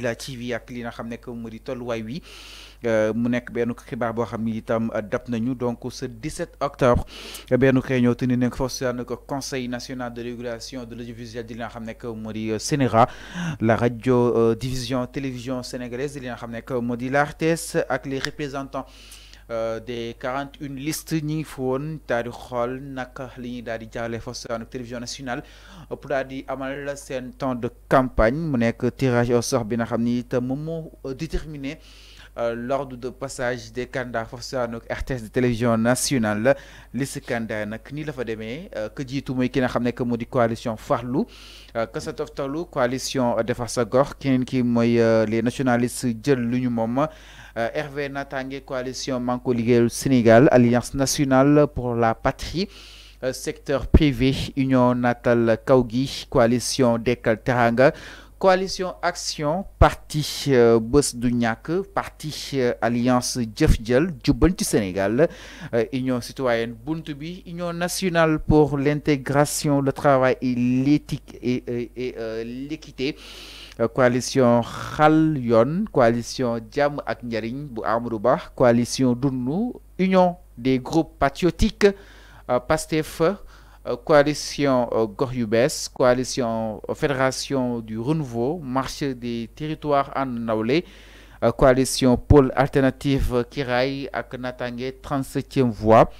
législative TV ak li nga xam nekk mu di tolluwaay wi euh, mu nek benn xibaar bo xam itam euh, dab nañu donc ce 17 octobre euh, benn réunion tenue nek ko foofu ko conseil national de régulation de l'audiovisuel di li nga xam nekk Sénéra la radio division télévision sénégalaise li nga xam nekk mu ak les représentants euh, des 41 listes ni ngi fi woon daal li ñuy daal di jaarale fa saan télévision nationale pour daal di amal sen temps de campagne mu nek tirage au sort bi nga xam ni itam déterminé. Euh, lors du passage des candidats à RTS de télévision nationale les candidats ni la fa euh, que dit tout ki nga xam coalition farlu euh, que sa toftalu coalition de sa qui est ki les nationalistes de l'Union. moment, RV coalition Manko liggéeyal Sénégal alliance nationale pour la patrie secteur privé union natal Kaugi, coalition des Teranga coalition action parti euh, Boss du parti euh, alliance Jeff Jël ci Sénégal euh, union citoyenne buntu union nationale pour l'intégration le travail et et, l'équité coalition Khalion, coalition Djam ak coalition Dounou, union des groupes patriotiques Pastef euh, coalition euh, Goryubes, coalition euh, fédération du renouveau marché des territoires ànd coalition pôle alternative Kirai, ak 37e voie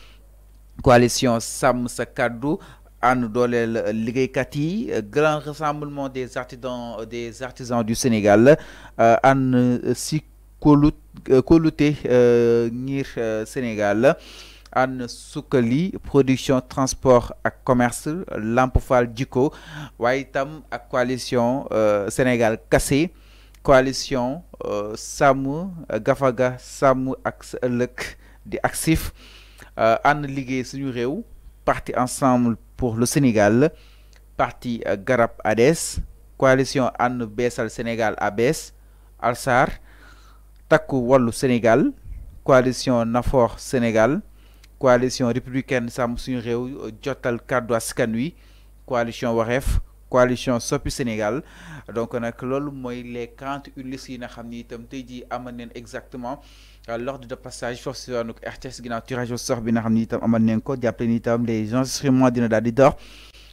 coalition Sam Sakadou, Anne Dolel grand rassemblement des artisans du Sénégal Anne Sikolouté Nir Sénégal Anne Soukeli, production transport et commerce l'ampoufale du Waitam à coalition euh, Sénégal Kassé, coalition euh, Samu, Gafaga Samu, ak de Axif di Aksif euh, Ligue parti ensemble pour le Sénégal parti Garap-Adès, coalition anne bessal Sénégal al Alsar Taku wallou Sénégal coalition Nafor Sénégal coalition républicaine samsung Reu jotal kàddu coalition Waref, coalition Sopi Sénégal donc on a mooy les 41 listes qui nga itam exactement euh, l'ordre de passage Forcément, nous RTS ginnaaw tirage au sort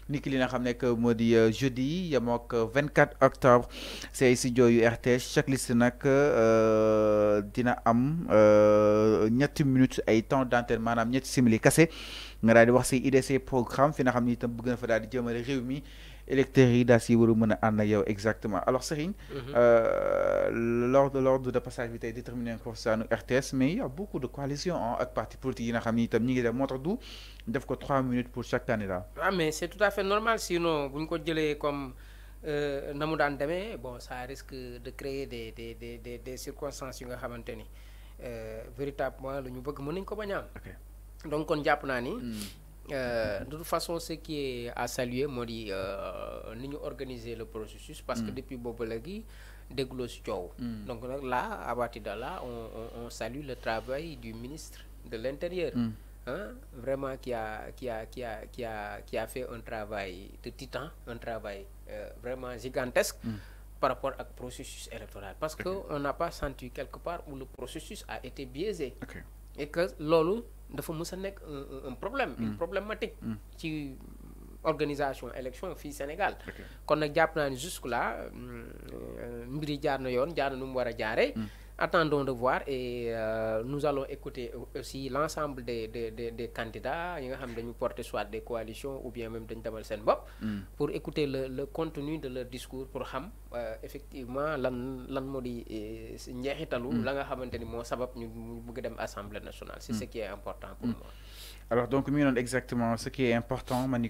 ni ki li nga xam euh, jeudi yamok 24 euh, octobre c'est ici studio RT. RTS checklist nag euh, dina am ñetti minutes ay temps d'antenne manam ñetti simili cassé nga daal di wax si IDC programme fi nga xam ni itam bëgg na fa daal di jëmale réew mi électeurs yi daal si war a mën a ànd ak yow exactement alors Serigne. Mhm. Euh, lors de l'ordre de passage bi tey déterminé nañ ko saanu RTS mais il y a beaucoup de coalitions hein, ak parti politiques yi nga xam ni itam ñi ngi def moo tax du def ko 3 minutes pour chaque candidat. ah mais c'est tout à fait normal sinon bu ñu ko jëlee comme. Euh, na mu daan demee bon ça risque de créer des des des des des circonstances yu nga xamante ni euh, véritablement lu ñu bëgg mën nañ ko bañ a am donc on hmm. euh, de toute façon ce qui est à saluer moi di euh, le processus. parce que hmm. depuis boobu léegi dégloo hmm. donc là à partir de là on, on salue le travail du ministre de l'intérieur. Hein, vraiment qui a, qui, a, qui, a, qui, a, qui a fait un travail de titan, un travail euh, vraiment gigantesque par rapport au processus électoral. Parce que qu'on n'a pas senti quelque part où le processus a été biaisé. Et que lolo dafa mës a nekk un problème une mm. problématique mm. ci organisation élection fii Sénégal kon nag jàpp naa ni jusque là mm, euh, mbir yi jaar na yoon jaar na nu mu war a jaare attendons de voir et euh, nous allons écouter aussi l'ensemble des, des, des, candidats qui nga xam porter soit des coalitions ou bien même des demal seen mm. pour écouter le, le contenu de leur discours pour Ham. euh, effectivement lan lan moo di euh, mm. la nga xamante ni sabab ñu bëgg nationale c'est mm. ce qui est important pour mm. moi alors donc mi exactement ce qui est important ma ni